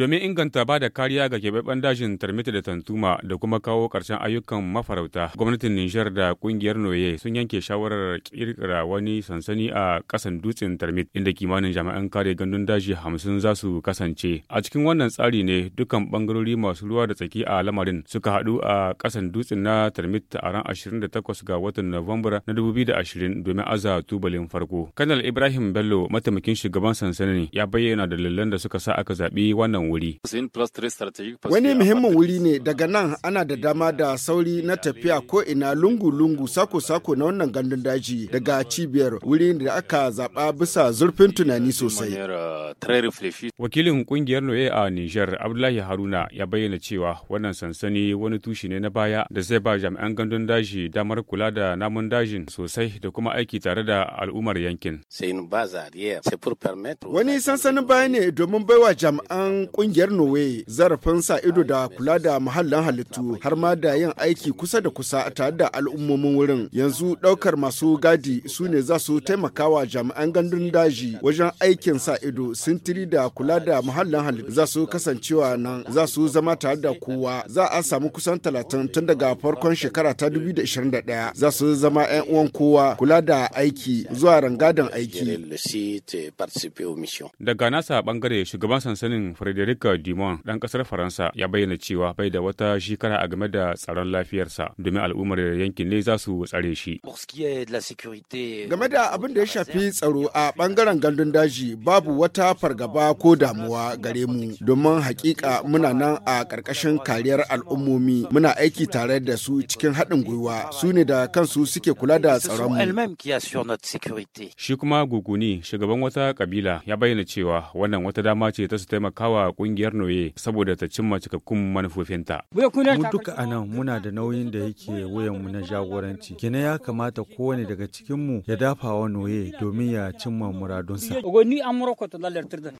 domin inganta ba da kariya ga keɓaɓɓen dajin tarmita da tantuma da kuma kawo ƙarshen ayyukan mafarauta gwamnatin nijar da ƙungiyar noye sun yanke shawarar ƙirƙira wani sansani a ƙasan dutsen tarmit inda kimanin jami'an kare gandun daji hamsin za su kasance a cikin wannan tsari ne dukkan ɓangarori masu ruwa da tsaki a lamarin suka haɗu a ƙasan dutsen na tarmit a ran ashirin da takwas ga watan nuwambar na dubu biyu da ashirin domin aza tubalin farko kanal ibrahim bello mataimakin shugaban sansanin ya bayyana dalilan da suka sa aka zaɓi wannan wuri. Wani muhimmin wuri ne daga nan ana da dama da sauri na tafiya ko ina lungu-lungu sako-sako na wannan gandun daji daga cibiyar wuri da aka zaɓa bisa zurfin tunani sosai. Wakilin kungiyar Noye a Nijar Abdullahi Haruna ya bayyana cewa wannan sansani wani tushe ne na baya da zai ba jami'an gandun daji damar kula da namun dajin sosai da kuma aiki tare da al'ummar yankin. Wani sansanin baya ne domin baiwa jami'an kungiyar Norway zarafin sa ido da kula da muhallin halittu har ma da yin aiki kusa da kusa tare da al'ummomin wurin. Yanzu daukar masu gadi su ne za su taimakawa jami'an gandun daji wajen aikin sa ido sintiri da kula da muhallin halittu za su kasancewa nan za su zama tare da kowa za a samu kusan talatin tun daga farkon shekara ta 2021 za su zama 'yan uwan kowa kula da aiki zuwa rangadin aiki. Daga nasa bangare shugaban sansanin Freddy Frederic Dumont ɗan ƙasar Faransa ya bayyana cewa bai da wata shekara a game da tsaron lafiyarsa domin al'ummar yankin ne za su tsare shi. Euh, game da abin da ya shafi tsaro a ɓangaren gandun daji babu wata fargaba ko damuwa gare mu domin hakika muna nan a ƙarƙashin kariyar al'ummomi muna aiki tare da su cikin haɗin gwiwa su ne da kansu suke kula da tsaron mu. Shi kuma Guguni shugaban wata kabila ya bayyana cewa wannan wata dama ce ta su taimakawa kungiyar noye saboda ta cimma cikakkun manufofinta. Mu duka a nan muna da nauyin da yake mu na jagoranci. Kina ya kamata kowane daga cikinmu ya dafa wa noye domin ya cimma muradunsa.